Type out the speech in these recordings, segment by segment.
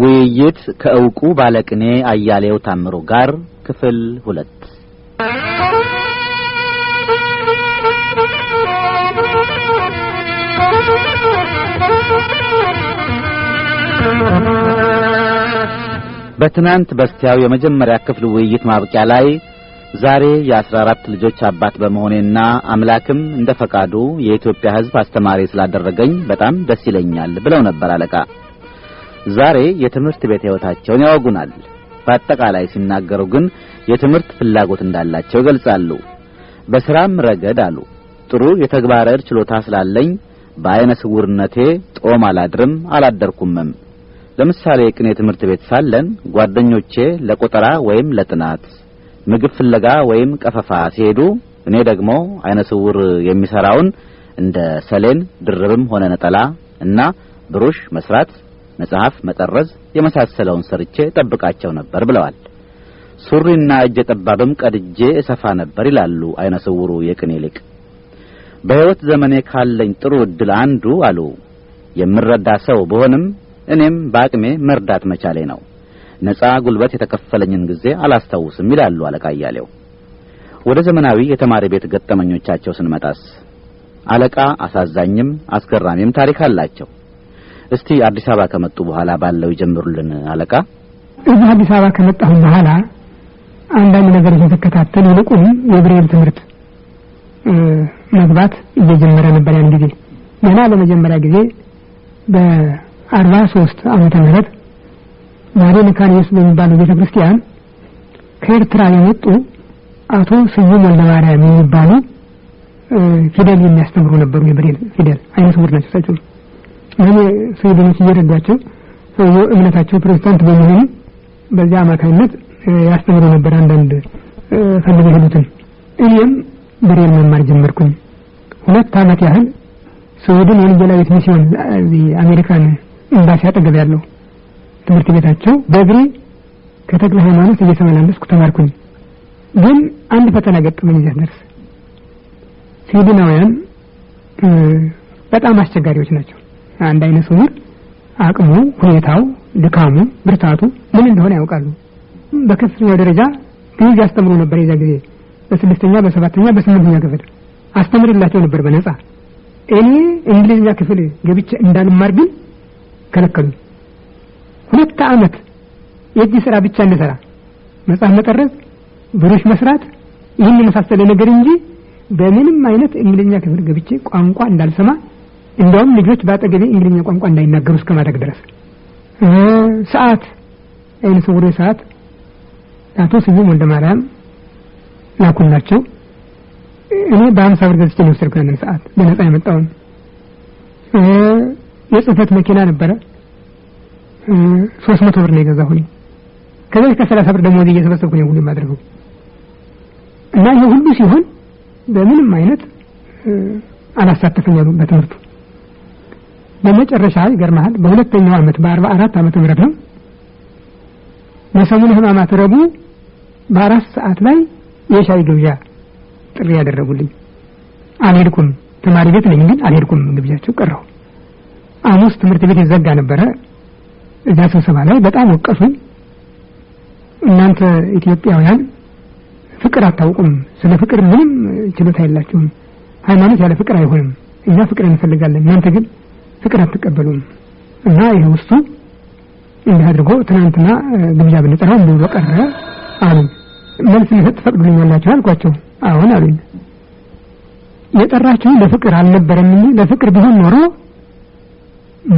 ውይይት ከእውቁ ባለቅኔ አያሌው ታምሮ ጋር ክፍል ሁለት በትናንት በስቲያው የመጀመሪያ ክፍል ውይይት ማብቂያ ላይ ዛሬ የአስራ አራት ልጆች አባት በመሆኔና አምላክም እንደ ፈቃዱ የኢትዮጵያ ሕዝብ አስተማሪ ስላደረገኝ በጣም ደስ ይለኛል ብለው ነበር አለቃ ዛሬ የትምህርት ቤት ሕይወታቸውን ያወጉናል። በአጠቃላይ ሲናገሩ ግን የትምህርት ፍላጎት እንዳላቸው ይገልጻሉ። በስራም ረገድ አሉ ጥሩ የተግባረ ዕድ ችሎታ ስላለኝ በአይነ ስውርነቴ ጦም አላድርም አላደርኩምም። ለምሳሌ ቅኔ ትምህርት ቤት ሳለን ጓደኞቼ ለቆጠራ ወይም ለጥናት ምግብ ፍለጋ ወይም ቀፈፋ ሲሄዱ እኔ ደግሞ አይነ ስውር የሚሰራውን እንደ ሰሌን ድርብም ሆነ ነጠላ እና ብሩሽ መስራት መጽሐፍ መጠረዝ የመሳሰለውን ሰርቼ ጠብቃቸው ነበር ብለዋል። ሱሪና እጀ ጠባብም ቀድጄ እሰፋ ነበር ይላሉ አይነ ስውሩ የቅኔ ሊቅ። በሕይወት ዘመኔ ካለኝ ጥሩ እድል አንዱ አሉ የምረዳ ሰው ብሆንም እኔም በአቅሜ መርዳት መቻሌ ነው። ነጻ ጉልበት የተከፈለኝን ጊዜ አላስታውስም ይላሉ አለቃ እያሌው። ወደ ዘመናዊ የተማሪ ቤት ገጠመኞቻቸው ስንመጣስ አለቃ አሳዛኝም አስገራሚም ታሪክ አላቸው። እስቲ አዲስ አበባ ከመጡ በኋላ ባለው ይጀምሩልን አለቃ። እዚህ አዲስ አበባ ከመጣሁ በኋላ አንዳንድ ነገር እየተከታተል ይልቁንም የብሬል ትምህርት መግባት እየጀመረ ነበር። ያን ጊዜ ገና ለመጀመሪያ ጊዜ በአርባ ሶስት አመተ ምህረት ዛሬ መካኒዮስ በሚባለው ቤተ ክርስቲያን ከኤርትራ የመጡ አቶ ስዩም ወልደማርያም የሚባሉ ፊደል የሚያስተምሩ ነበሩ። የብሬል ፊደል አይነት ውር ናቸው እሳቸው እህል ስዊድኖች እየረዳቸው ሰውየ እምነታቸው ፕሮቴስታንት በመሆኑ በዚያ አማካኝነት ያስተምሩ ነበር አንዳንድ ፈልገ ሄዱትን እኔም በሬል መማር ጀመርኩኝ ሁለት አመት ያህል ስዊድን የወንጌላዊት ሚስዮን አሜሪካን ኤምባሲ አጠገብ ያለው ትምህርት ቤታቸው በእግሬ ከተክለ ሃይማኖት እየተመላለስኩ ተማርኩኝ ግን አንድ ፈተና ገጠመኝ እዚያ ደርስ ስዊድናውያን በጣም አስቸጋሪዎች ናቸው አንድ አይነ ስውር አቅሙ፣ ሁኔታው፣ ድካሙ፣ ብርታቱ ምን እንደሆነ ያውቃሉ። በከፍተኛ ደረጃ ግዕዝ ያስተምሩ ነበር። የዛ ጊዜ በስድስተኛ በሰባተኛ በስምንተኛ ክፍል አስተምርላቸው ነበር በነጻ። እኔ እንግሊዝኛ ክፍል ገብቼ እንዳልማር ግን ከለከሉ። ሁለት ዓመት የእጅ ስራ ብቻ እንደሰራ መጽሐፍ መጠረዝ፣ ብሩሽ መስራት፣ ይህን የመሳሰለ ነገር እንጂ በምንም አይነት እንግሊዝኛ ክፍል ገብቼ ቋንቋ እንዳልሰማ እንደውም ልጆች በአጠገቤ እንግሊዝኛ ቋንቋ እንዳይናገሩ እስከ ማድረግ ድረስ ሰዓት አይነ ስውሬ ሰዓት አቶ ስዩም ወልደ ማርያም ላኩላቸው። እኔ በአምሳ ብር ገዝቼ ነው የወሰድኩት ያንን ሰዓት በነጻ የመጣውን የጽህፈት መኪና ነበረ ሶስት መቶ ብር ነው የገዛሁኝ። ከዚህ ከሰላሳ ብር ደግሞ እየሰበሰብኩ ነው ሁሉ የማደርገው እና ይሄ ሁሉ ሲሆን በምንም አይነት አላሳተፈኛሉ በትምህርቱ በመጨረሻ ይገርመሃል በሁለተኛው ዓመት በአርባ አራት ዓመተ ምህረት ነው በሰሙነ ህማማት ረቡ በአራት ሰዓት ላይ የሻይ ግብዣ ጥሪ ያደረጉልኝ። አልሄድኩም። ተማሪ ቤት ነኝ፣ ግን አልሄድኩም። ግብዣቸው ቀረው አሙስ ትምህርት ቤት ይዘጋ ነበረ። እዛ ስብሰባ ላይ በጣም ወቀሱኝ። እናንተ ኢትዮጵያውያን ፍቅር አታውቁም፣ ስለ ፍቅር ምንም ችሎታ የላችሁም። ሃይማኖት ያለ ፍቅር አይሆንም። እኛ ፍቅር እንፈልጋለን፣ እናንተ ግን ፍቅር አትቀበሉም እና ይሄ ውስጡ እንዲህ አድርጎ ትናንትና ግብዣ ብንጠራው ሙሉ በቀረ አሉ። መልስ ልሰጥ ትፈቅዱልኛላችሁ አልኳቸው። አሁን አሉኝ። የጠራችሁ ለፍቅር አልነበረም እንጂ ለፍቅር ቢሆን ኖሮ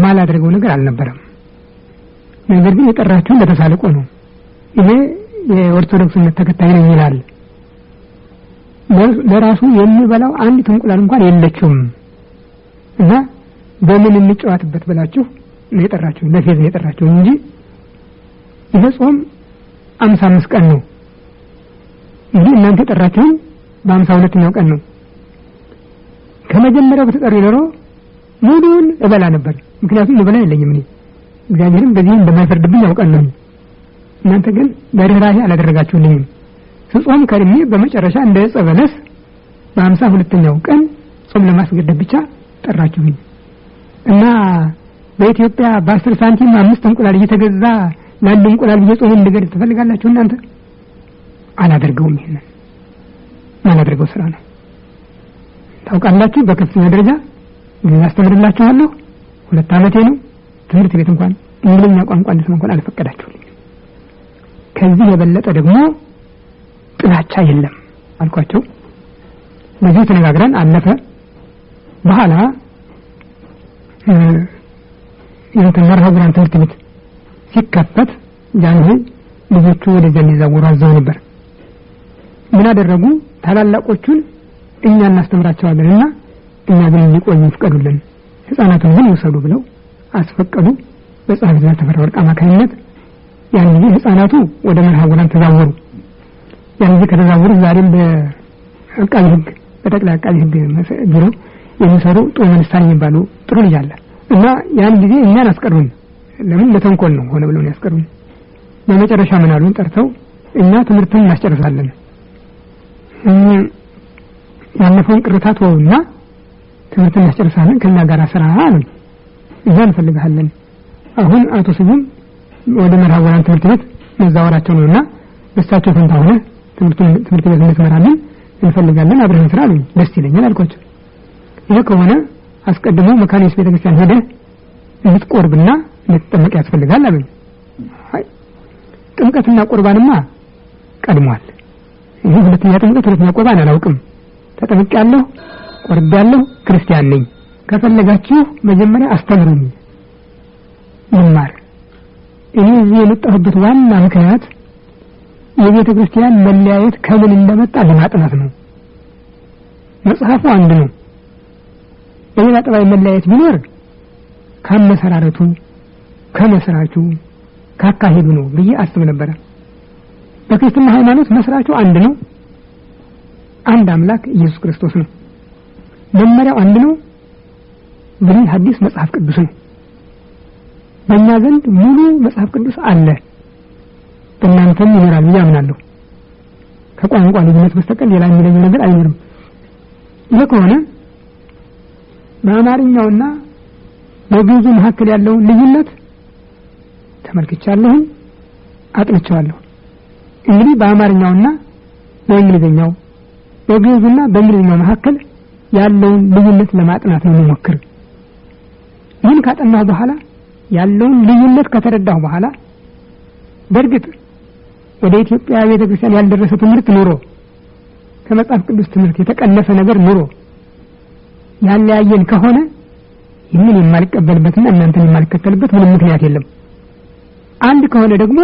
ማላደርገው ነገር አልነበረም። ነገር ግን የጠራችሁ ለተሳልቆ ነው። ይሄ የኦርቶዶክስነት ተከታይ ነው ይላል። ለራሱ የሚበላው አንዲት እንቁላል እንኳን የለችውም እና በምን እንጫወትበት ብላችሁ ነው የጠራችሁ ለፌዝ ነው የጠራችሁ እንጂ ይሄ ጾም አምሳ አምስት ቀን ነው እንጂ እናንተ የጠራችሁን በአምሳ ሁለተኛው ቀን ነው ከመጀመሪያው በተጠሪ ኖሮ ሙሉውን እበላ ነበር ምክንያቱም እበላ የለኝም እኔ እግዚአብሔርም በዚህ እንደማይፈርድብኝ ያውቃለሁ እናንተ ግን በርኅራኄ አላደረጋችሁልኝም ስጾም ከርሜ በመጨረሻ እንደ ጸበለስ በአምሳ ሁለተኛው ቀን ጾም ለማስገደድ ብቻ ጠራችሁኝ እና በኢትዮጵያ በአስር ሳንቲም አምስት እንቁላል እየተገዛ ለአንድ እንቁላል እየጾመ እንድገድል ትፈልጋላችሁ እናንተ? አላደርገውም። ይሄንን ማላደርገው ስራ ነው። ታውቃላችሁ፣ በከፍተኛ ደረጃ ግን አስተምርላችኋለሁ። ሁለት ዓመቴ ነው። ትምህርት ቤት እንኳን እንግሊዝኛ ቋንቋ እንደሰማ እንኳን አልፈቀዳችሁልኝ። ከዚህ የበለጠ ደግሞ ጥላቻ የለም አልኳቸው። ለዚህ ተነጋግረን አለፈ። በኋላ መርሃ ግብራን ትምህርት ቤት ሲከፈት ያን ልጆቹ ወደዚያ እንዲዛወሩ አዘው ነበር። ምን አደረጉ? ታላላቆቹን እኛ እናስተምራቸዋለን እና እኛ ግን እንዲቆዩ ይፍቀዱልን፣ ህጻናቱን ግን ይውሰዱ ብለው አስፈቀዱ። በጸሐፊ ትእዛዝ ተፈራ ወርቅ አማካኝነት ያን ጊዜ ህጻናቱ ወደ መርሃ ግብራን ተዛወሩ። ያን ጊዜ ከተዛወሩ ዛሬም በአቃቢ ህግ በጠቅላይ አቃቢ ህግ ቢሮ የሚሰሩ ጦመንስታን የሚባሉ ጥሩ ልጅ አለ እና ያን ጊዜ እኛን አስቀሩን። ለምን ለተንኮል ነው ሆነ ብለው ያስቀሩን። በመጨረሻ ምን አሉን ጠርተው እኛ ትምህርትን እናስጨርሳለን ያለፈውን ቅርታ ተወውና ትምህርትን እናስጨርሳለን ከእኛ ጋር ስራ አሉ እዛ እንፈልግሃለን። አሁን አቶ ስዩም ወደ መርሃ ወራን ትምህርት ቤት መዛወራቸው ነውና በሳቸው ፈንታ ሆነ ትምህርት ቤት እንድትመራለን እንፈልጋለን፣ አብረህን ስራ አሉ ደስ ይለኛል አልኳቸው። ይህ ከሆነ አስቀድሞ መካኒስ ቤተክርስቲያን ሄደ ልትቆርብና ልትጠመቅ ያስፈልጋል አሉኝ። ጥምቀትና ቁርባንማ ቀድሟል። ይሄ ሁለተኛ ጥምቀት፣ ሁለተኛ ቁርባን አላውቅም። ቆርብ ቆርቤያለሁ፣ ክርስቲያን ነኝ። ከፈለጋችሁ መጀመሪያ አስተምሩኝ መማር። እኔ እዚህ የመጣሁበት ዋና ምክንያት የቤተ ክርስቲያን መለያየት ከምን እንደመጣ ለማጥናት ነው። መጽሐፉ አንድ ነው። በሌላ ጠባይ መለያየት ቢኖር ካመሰራረቱ ከመስራቹ ካካሄዱ ነው ብዬ አስብ ነበረ። በክርስትና ሃይማኖት መስራቹ አንድ ነው፣ አንድ አምላክ ኢየሱስ ክርስቶስ ነው። መመሪያው አንድ ነው፣ ብሉይ ሐዲስ መጽሐፍ ቅዱስ ነው። በእኛ ዘንድ ሙሉ መጽሐፍ ቅዱስ አለ፣ በእናንተም ይኖራል ብዬ አምናለሁ። ከቋንቋ ልዩነት በስተቀር ሌላ የሚለኝ ነገር አይኖርም። ይህ ከሆነ በአማርኛውና በግዙ መካከል ያለውን ልዩነት ተመልክቻለሁኝ አጥንቸዋለሁ። እንግዲህ በአማርኛውና በእንግሊዝኛው በግዙና በእንግሊዝኛው መካከል ያለውን ልዩነት ለማጥናት ነው የምሞክር። ይህን ካጠናሁ በኋላ ያለውን ልዩነት ከተረዳሁ በኋላ በእርግጥ ወደ ኢትዮጵያ ቤተክርስቲያን ያልደረሰ ትምህርት ኑሮ ከመጽሐፍ ቅዱስ ትምህርት የተቀነሰ ነገር ኑሮ ያለያየን ከሆነ ይህንን የማልቀበልበትና እናንተን የማልከተልበት ምንም ምክንያት የለም። አንድ ከሆነ ደግሞ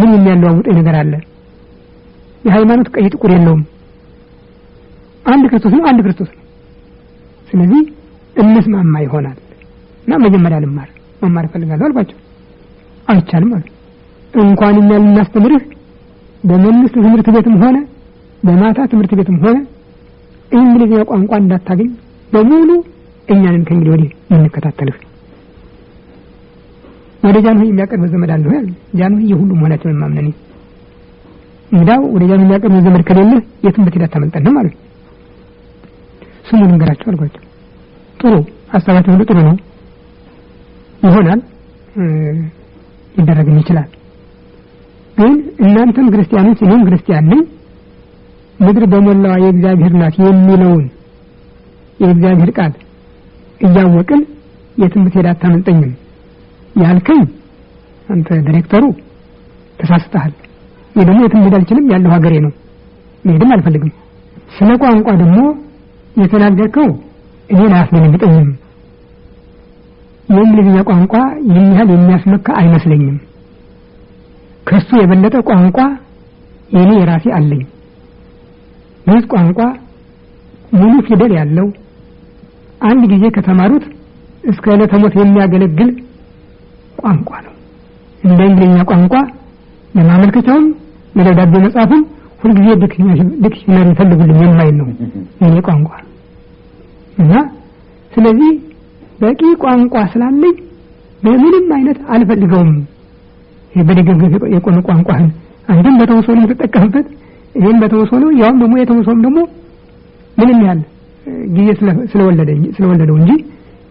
ምን የሚያለዋውጠኝ ነገር አለ? የሃይማኖት ቀይ ጥቁር የለውም። አንድ ክርስቶስ ነው፣ አንድ ክርስቶስ ነው። ስለዚህ እንስማማ ይሆናል እና መጀመሪያ ልማር መማር እፈልጋለሁ አልኳቸው። አይቻልም አሉ። እንኳን እኛ ልናስተምርህ በመንግስት ትምህርት ቤትም ሆነ በማታ ትምህርት ቤትም ሆነ እንግሊዝኛ ቋንቋ እንዳታገኝ በሙሉ እኛንን ከእንግዲህ ወዲህ የምንከታተልህ ወደ ጃንሆይ የሚያቀርበ ዘመድ አለሁ ያል ጃንሆይ የሁሉም መሆናቸውን የማምነን እንግዳው ወደ ጃንሆይ የሚያቀርበ ዘመድ ከሌለህ የትም በትዳ አታመልጠንም ማለት ስሙ ልንገራቸው አልኳቸው ጥሩ ሀሳባቸው ሁሉ ጥሩ ነው ይሆናል ሊደረግም ይችላል ግን እናንተም ክርስቲያኖች እኔም ክርስቲያን ነኝ ምድር በሞላዋ የእግዚአብሔር ናት የሚለውን የእግዚአብሔር ቃል እያወቅን የትም ብትሄድ አታመልጠኝም ያልከኝ አንተ ዲሬክተሩ ተሳስተሃል። ይህ ደግሞ የትም ሄድ አልችልም ያለው ሀገሬ ነው፣ መሄድም አልፈልግም። ስለ ቋንቋ ደግሞ የተናገርከው እኔን አያስደነግጠኝም። የእንግሊዝኛ ቋንቋ ይህን ያህል የሚያስመካ አይመስለኝም። ከሱ የበለጠ ቋንቋ የኔ የራሴ አለኝ። ይህ ቋንቋ ሙሉ ፊደል ያለው አንድ ጊዜ ከተማሩት እስከ ዕለተ ሞት የሚያገለግል ቋንቋ ነው። እንደ እንግሊዝኛ ቋንቋ ለማመልከቻውም ለደብዳቤ መጻፉም ሁልጊዜ ዲክሽነሪ ይፈልጉልኝ የማይል ነው የኔ ቋንቋ እና ስለዚህ በቂ ቋንቋ ስላለኝ በምንም አይነት አልፈልገውም። በደገፍ የቆመ ቋንቋህን አንድም በተወሰኑ የተጠቀምበት ይህም በተወሶ ነው። ያውም ደግሞ የተወሶም ደግሞ ምንም ያህል ጊዜ ስለወለደው እንጂ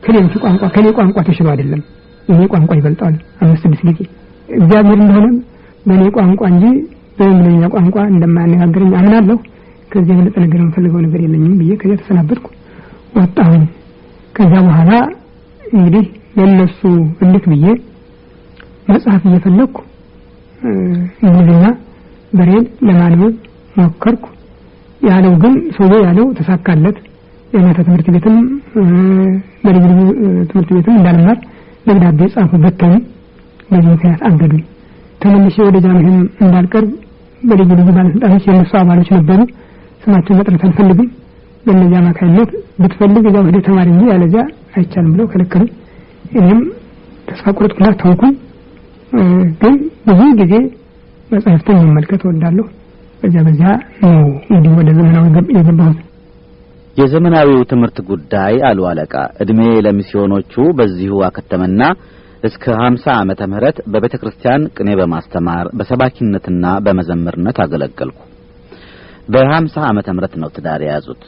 ከሌሎቹ ቋንቋ ከኔ ቋንቋ ተሽሎ አይደለም። የኔ ቋንቋ ይበልጣል አምስት ስድስት ጊዜ እግዚአብሔር እንደሆነም በእኔ ቋንቋ እንጂ በእንግሊዝኛ ቋንቋ እንደማያነጋግረኝ አምናለሁ። ከዚህ የበለጠ ነገር የምፈልገው ነገር የለኝም ብዬ ከዚያ ተሰናበትኩ ወጣሁኝ። ከዚያ በኋላ እንግዲህ ለነሱ እንዴት ብዬ መጽሐፍ እየፈለግኩ እንግሊዝኛ በሬል ለማንበብ ሞከርኩ። ያለው ግን ሰው ያለው ተሳካለት። የእናተ ትምህርት ቤትም በልዩ ልዩ ትምህርት ቤትም እንዳልማር ደብዳቤ ጻፉ፣ በተኑ። በዚህ ምክንያት አገዱኝ። ተመልሼ ወደ ጃምህም እንዳልቀርብ በልዩ ልዩ ባለስልጣኖች የነሱ አባሎች ነበሩ። ስማቸውን መጥረት አልፈልግም። በእነዚያ አማካይነት ብትፈልግ እዛ ወደ ተማሪ እንጂ ያለዚያ አይቻልም ብለው ከለከሉ። እኔም ተስፋ ቁርጥኩና ተውኩኝ። ግን ብዙ ጊዜ መጽሐፍትን መመልከት እወዳለሁ። በዚያ በዚያ ነው እንግዲህ ወደ ዘመናዊ የገባሁት። የዘመናዊው ትምህርት ጉዳይ አሉ አለቃ እድሜ ለሚስዮኖቹ በዚሁ አከተመና እስከ 50 ዓመተ ምህረት በቤተ ክርስቲያን ቅኔ በማስተማር በሰባኪነትና በመዘምርነት አገለገልኩ። በ50 ዓመተ ምህረት ነው ትዳር የያዙት።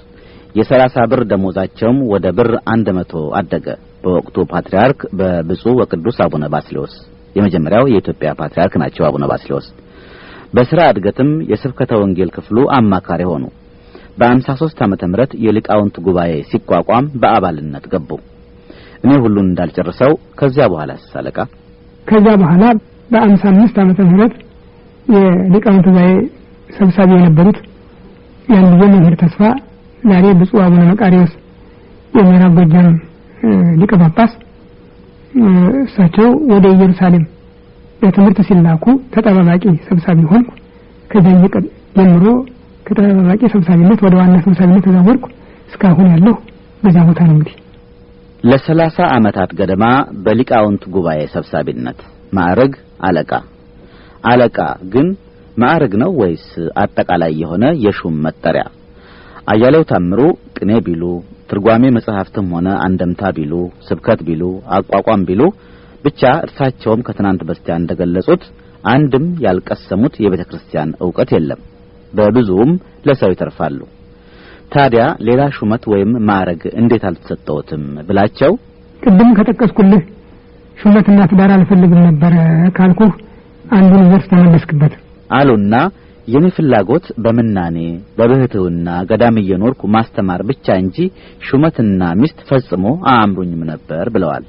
የ30 ብር ደሞዛቸውም ወደ ብር 100 አደገ። በወቅቱ ፓትርያርክ በብፁዕ ወቅዱስ አቡነ ባስሌዎስ የመጀመሪያው የኢትዮጵያ ፓትርያርክ ናቸው አቡነ ባስሌዎስ በሥራ እድገትም የስብከተ ወንጌል ክፍሉ አማካሪ ሆኑ። በአምሳ በ53 ዓመተ ምህረት የሊቃውንት ጉባኤ ሲቋቋም በአባልነት ገቡ። እኔ ሁሉን እንዳልጨርሰው ከዚያ በኋላ ሳለቃ ከዚያ በኋላ በአምሳ 55 ዓመተ ምህረት የሊቃውንት ጉባኤ ሰብሳቢ የነበሩት ያን ጊዜ መምህር ተስፋ ዛሬ ብፁዕ አቡነ መቃሪዎስ የምዕራብ ጎጃም ሊቀ ጳጳስ እሳቸው ወደ ኢየሩሳሌም ለትምህርት ሲላኩ ተጠባባቂ ሰብሳቢ ሆንኩ። ከዚያን ቀን ጀምሮ ከተጠባባቂ ሰብሳቢነት ወደ ዋና ሰብሳቢነት ተዛወርኩ። እስካሁን ያለሁ በዚያ ቦታ ነው። እንግዲህ ለሰላሳ ዓመታት ገደማ በሊቃውንት ጉባኤ ሰብሳቢነት ማዕረግ አለቃ አለቃ ግን ማዕረግ ነው ወይስ አጠቃላይ የሆነ የሹም መጠሪያ? አያሌው ታምሩ ቅኔ ቢሉ ትርጓሜ መጽሐፍትም ሆነ አንደምታ ቢሉ ስብከት ቢሉ አቋቋም ቢሉ ብቻ እርሳቸውም ከትናንት በስቲያ እንደገለጹት አንድም ያልቀሰሙት የቤተ ክርስቲያን ዕውቀት የለም። በብዙውም ለሰው ይተርፋሉ። ታዲያ ሌላ ሹመት ወይም ማዕረግ እንዴት አልተሰጠውትም ብላቸው ቅድም ከጠቀስኩልህ ሹመትና ትዳር አልፈልግም ነበር ካልኩህ አንዱን ዘርስ ተመለስክበት አሉና የኔ ፍላጎት በምናኔ በብህትውና ገዳም እየኖርኩ ማስተማር ብቻ እንጂ ሹመትና ሚስት ፈጽሞ አእምሩኝም ነበር ብለዋል።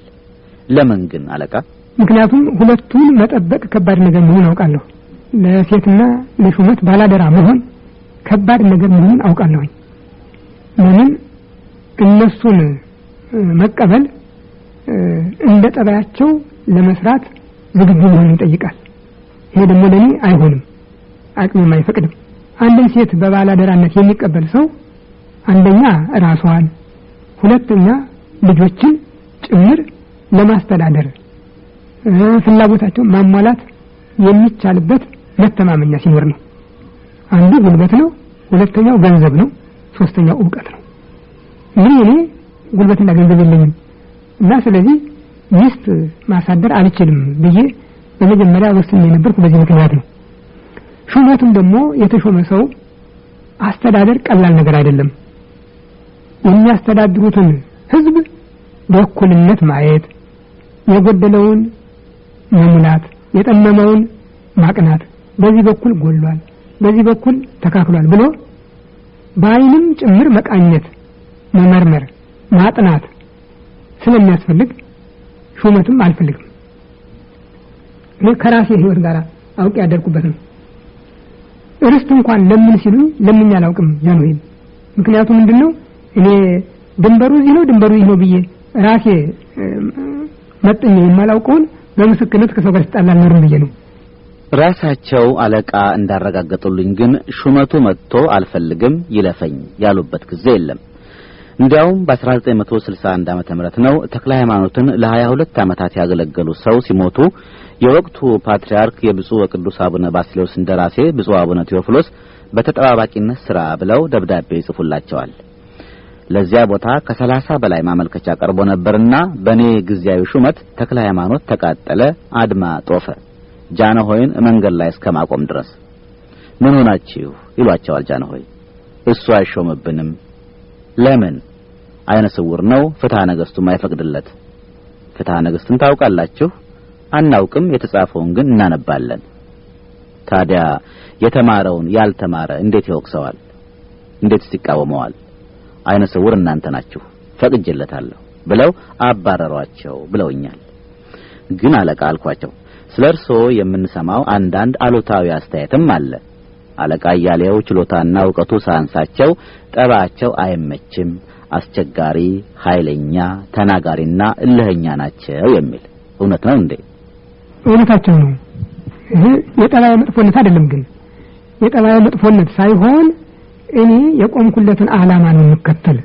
ለምን ግን አለቃ? ምክንያቱም ሁለቱን መጠበቅ ከባድ ነገር መሆን አውቃለሁ። ለሴትና ለሹመት ባላደራ መሆን ከባድ ነገር መሆን አውቃለሁኝ። ለምን እነሱን መቀበል እንደ ጠባያቸው ለመስራት ዝግጁ መሆን ይጠይቃል። ይሄ ደግሞ ለእኔ አይሆንም፣ አቅሜም አይፈቅድም። አንድን ሴት በባላደራነት የሚቀበል ሰው አንደኛ ራሷን፣ ሁለተኛ ልጆችን ጭምር ለማስተዳደር ፍላጎታቸውን ማሟላት የሚቻልበት መተማመኛ ሲኖር ነው። አንዱ ጉልበት ነው፣ ሁለተኛው ገንዘብ ነው፣ ሶስተኛው እውቀት ነው። ምን እኔ ጉልበትና ገንዘብ የለኝም እና ስለዚህ ሚስት ማሳደር አልችልም ብዬ በመጀመሪያ ወስን የነበርኩ በዚህ ምክንያት ነው። ሹመቱም ደግሞ የተሾመ ሰው አስተዳደር ቀላል ነገር አይደለም። የሚያስተዳድሩትን ህዝብ በእኩልነት ማየት የጎደለውን መሙላት፣ የጠመመውን ማቅናት፣ በዚህ በኩል ጎሏል፣ በዚህ በኩል ተካክሏል ብሎ በአይንም ጭምር መቃኘት፣ መመርመር፣ ማጥናት ስለሚያስፈልግ ሹመትም አልፈልግም። እኔ ከራሴ ሕይወት ጋር አውቄ ያደርኩበት ነው። ርስት እንኳን ለምን ሲሉኝ ለምን አላውቅም ጃንሆይም። ምክንያቱ ምንድን ነው? እኔ ድንበሩ እዚህ ነው ድንበሩ ይህ ነው ብዬ ራሴ መጥኝ የማላውቀውን በምስክርነት ከሰው ጋር ስጣላ አልኖርም ብዬ ነው። ራሳቸው አለቃ እንዳረጋገጡልኝ ግን ሹመቱ መጥቶ አልፈልግም ይለፈኝ ያሉበት ጊዜ የለም። እንዲያውም በ1961 ዓመተ ምህረት ነው ተክለ ሃይማኖትን ለ22 ዓመታት ያገለገሉ ሰው ሲሞቱ የወቅቱ ፓትርያርክ የብፁዕ ወቅዱስ አቡነ ባስሌዎስ እንደራሴ ብፁዕ አቡነ ቴዎፍሎስ በተጠባባቂነት ስራ ብለው ደብዳቤ ይጽፉላቸዋል። ለዚያ ቦታ ከሰላሳ በላይ ማመልከቻ ቀርቦ ነበርና በእኔ ጊዜያዊ ሹመት ተክለ ሃይማኖት ተቃጠለ፣ አድማ ጦፈ፣ ጃነሆይን መንገድ ላይ እስከ ማቆም ድረስ ምን ሆናችሁ ይሏቸዋል። ጃነሆይ እሱ አይሾምብንም። ለምን? አይነ ስውር ነው፣ ፍትሐ ነገሥቱም አይፈቅድለት። ፍትሐ ነገሥትን ታውቃላችሁ? አናውቅም፣ የተጻፈውን ግን እናነባለን። ታዲያ የተማረውን ያልተማረ እንዴት ይወቅሰዋል? እንዴትስ ይቃወመዋል? አይነ ስውር እናንተ ናችሁ ፈቅጄለታለሁ ብለው አባረሯቸው ብለውኛል። ግን አለቃ አልኳቸው፣ ስለ እርስዎ የምንሰማው አንዳንድ አሉታዊ አስተያየትም አለ። አለቃ እያሌው ችሎታና እውቀቱ ሳንሳቸው ጠባቸው አይመችም፣ አስቸጋሪ፣ ኃይለኛ፣ ተናጋሪና እልህኛ ናቸው የሚል እውነት ነው እንዴ? እውነታቸው ነው። ይሄ የጠባይ መጥፎነት አይደለም። ግን የጠባይ መጥፎነት ሳይሆን እኔ የቆምኩለትን አላማ ነው የምከተል።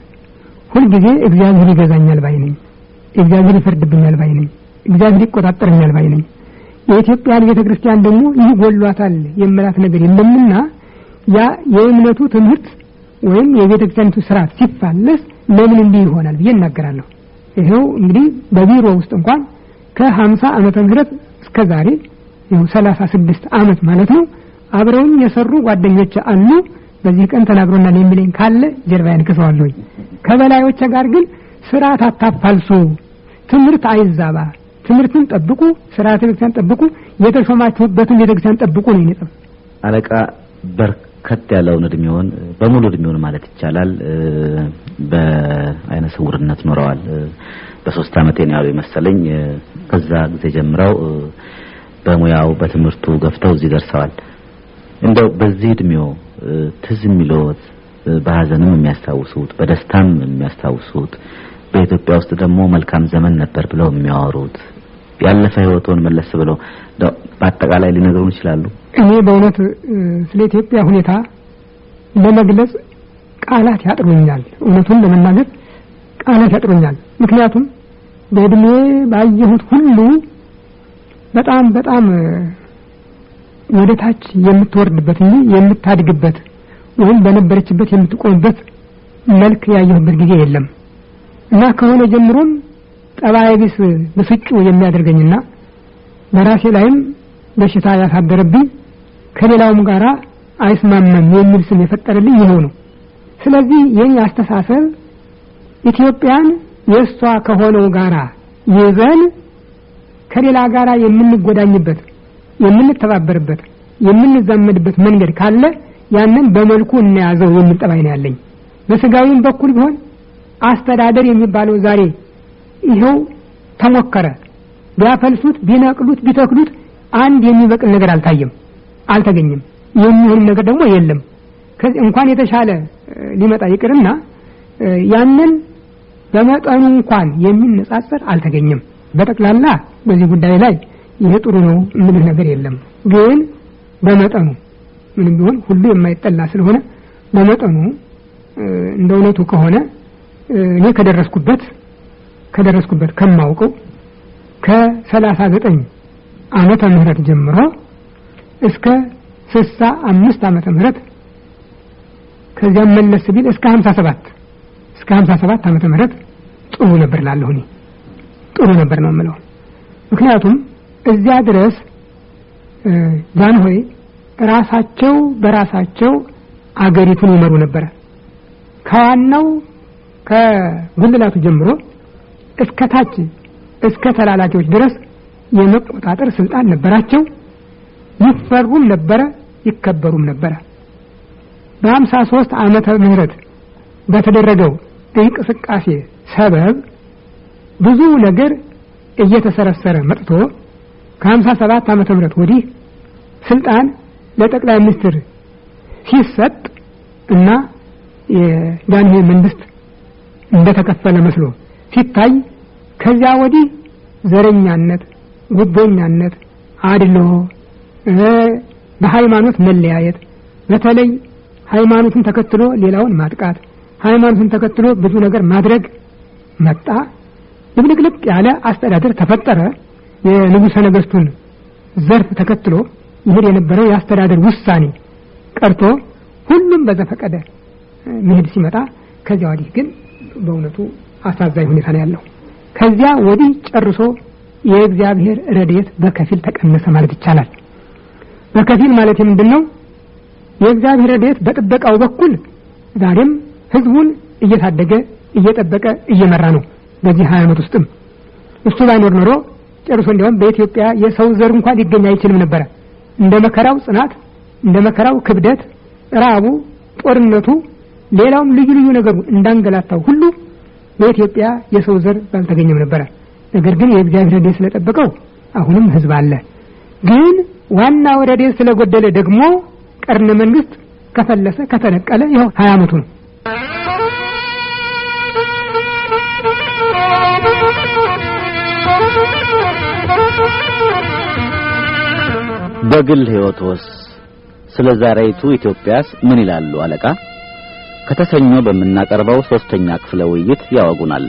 ሁልጊዜ እግዚአብሔር ይገዛኛል ባይ ነኝ። እግዚአብሔር ይፈርድብኛል ባይ ነኝ። እግዚአብሔር ይቆጣጠረኛል ባይ ነኝ። የኢትዮጵያ ቤተ ክርስቲያን ደግሞ ይህ ጎሏታል የምላት ነገር የለምና ያ የእምነቱ ትምህርት ወይም የቤተ ክርስቲያኒቱ ስርዓት ሲፋለስ ለምን እንዲህ ይሆናል ብዬ እናገራለሁ። ይኸው እንግዲህ በቢሮ ውስጥ እንኳን ከሀምሳ ዓመተ ምህረት እስከ ዛሬ ይኸው ሰላሳ ስድስት ማለት ነው አብረውኝ የሰሩ ጓደኞች አሉ። በዚህ ቀን ተናግሮናል የሚለኝ ካለ ጀርባዬን ክሰዋለሁ። ከበላዮች ጋር ግን ስርዓት አታፋልሱ፣ ትምህርት አይዛባ፣ ትምህርትን ጠብቁ፣ ስርዓተ ቤተክርስቲያን ጠብቁ፣ የተሾማችሁበትን ቤተክርስቲያን ጠብቁ ነው የኔ አለቃ በርከት ያለውን እድሜውን በሙሉ እድሜውን ማለት ይቻላል በአይነ ስውርነት ኖረዋል። በሶስት አመቴ ነው ያሉ መሰለኝ። ከዛ ጊዜ ጀምረው በሙያው በትምህርቱ ገፍተው እዚህ ደርሰዋል። እንደው በዚህ እድሜው ትዝ የሚለዎት በሀዘንም የሚያስታውሱት በደስታም የሚያስታውሱት በኢትዮጵያ ውስጥ ደግሞ መልካም ዘመን ነበር ብለው የሚያወሩት ያለፈ ህይወቶን መለስ ብለው በአጠቃላይ ሊነግሩን ይችላሉ? እኔ በእውነት ስለ ኢትዮጵያ ሁኔታ ለመግለጽ ቃላት ያጥሩኛል። እውነቱን ለመናገር ቃላት ያጥሩኛል። ምክንያቱም በእድሜ ባየሁት ሁሉ በጣም በጣም ወደ ታች የምትወርድበት እንጂ የምታድግበት ወይም በነበረችበት የምትቆምበት መልክ ያየሁበት ጊዜ የለም እና ከሆነ ጀምሮም ጠባይ ቢስ ብስጩ የሚያደርገኝና በራሴ ላይም በሽታ ያሳደረብኝ ከሌላውም ጋራ አይስማማም የሚል ስም የፈጠረልኝ ይኸው ነው። ስለዚህ የኔ አስተሳሰብ ኢትዮጵያን የእሷ ከሆነው ጋራ ይዘን ከሌላ ጋራ የምንጎዳኝበት የምንተባበርበት የምንዛመድበት መንገድ ካለ ያንን በመልኩ እናያዘው የሚል ጠባይ ነው ያለኝ። በስጋዊም በኩል ቢሆን አስተዳደር የሚባለው ዛሬ ይኸው ተሞከረ። ቢያፈልሱት፣ ቢነቅሉት፣ ቢተክሉት አንድ የሚበቅል ነገር አልታየም፣ አልተገኘም። የሚሆንም ነገር ደግሞ የለም። ከዚህ እንኳን የተሻለ ሊመጣ ይቅርና ያንን በመጠኑ እንኳን የሚነጻጸር አልተገኘም። በጠቅላላ በዚህ ጉዳይ ላይ ይሄ ጥሩ ነው የምልህ ነገር የለም። ግን በመጠኑ ምንም ቢሆን ሁሉ የማይጠላ ስለሆነ በመጠኑ እንደ እውነቱ ከሆነ እኔ ከደረስኩበት ከደረስኩበት ከማውቀው ከሰላሳ ዘጠኝ አመተ ምህረት ጀምሮ እስከ ስልሳ አምስት ዓመተ ምህረት ከዚያም መለስ ቢል እስከ ሀምሳ ሰባት እስከ ሀምሳ ሰባት ዓመተ ምህረት ጥሩ ነበር ላለሁኝ ጥሩ ነበር ነው የምለው ምክንያቱም እዚያ ድረስ ጃንሆይ ራሳቸው በራሳቸው አገሪቱን ይመሩ ነበረ። ከዋናው ከጉልላቱ ጀምሮ እስከ ታች እስከ ተላላኪዎች ድረስ የመቆጣጠር ስልጣን ነበራቸው። ይፈሩም ነበረ፣ ይከበሩም ነበረ። በሀምሳ ሶስት ዓመተ ምህረት በተደረገው እንቅስቃሴ ሰበብ ብዙ ነገር እየተሰረሰረ መጥቶ ከሀምሳ ሰባት ዓመተ ምህረት ወዲህ ስልጣን ለጠቅላይ ሚኒስትር ሲሰጥ እና የዳንኤል መንግስት እንደተከፈለ መስሎ ሲታይ ከዚያ ወዲህ ዘረኛነት፣ ጉቦኛነት፣ አድሎ በሃይማኖት መለያየት በተለይ ሃይማኖትን ተከትሎ ሌላውን ማጥቃት፣ ሃይማኖትን ተከትሎ ብዙ ነገር ማድረግ መጣ። ልብልቅልቅ ያለ አስተዳደር ተፈጠረ። የንጉሰ ነገስቱን ዘርፍ ተከትሎ ይሄድ የነበረው የአስተዳደር ውሳኔ ቀርቶ ሁሉም በዘፈቀደ መሄድ ሲመጣ ከዚያ ወዲህ ግን በእውነቱ አሳዛኝ ሁኔታ ነው ያለው። ከዚያ ወዲህ ጨርሶ የእግዚአብሔር ረድኤት በከፊል ተቀነሰ ማለት ይቻላል። በከፊል ማለት የምንድን ነው? የእግዚአብሔር ረድኤት በጥበቃው በኩል ዛሬም ህዝቡን እየታደገ እየጠበቀ እየመራ ነው። በዚህ ሀያ ዓመት ውስጥም እሱ ባይኖር ኖሮ ጨርሶ እንዲያውም በኢትዮጵያ የሰው ዘር እንኳን ሊገኝ አይችልም ነበረ። እንደ መከራው ጽናት፣ እንደ መከራው ክብደት፣ ራቡ፣ ጦርነቱ፣ ሌላውም ልዩ ልዩ ነገሩ እንዳንገላታው ሁሉ በኢትዮጵያ የሰው ዘር ባልተገኘም ነበረ። ነገር ግን የእግዚአብሔር ረድኤት ስለጠበቀው አሁንም ህዝብ አለ። ግን ዋና ረድኤት ስለጎደለ ደግሞ ቀርነ መንግስት ከፈለሰ ከተነቀለ ይኸው ሀያ አመቱ ነው። በግል ሕይወትዎስ ስለ ዛሬይቱ ኢትዮጵያስ ምን ይላሉ አለቃ? ከተሰኞ በምናቀርበው ሦስተኛ ክፍለ ውይይት ያወጉናል።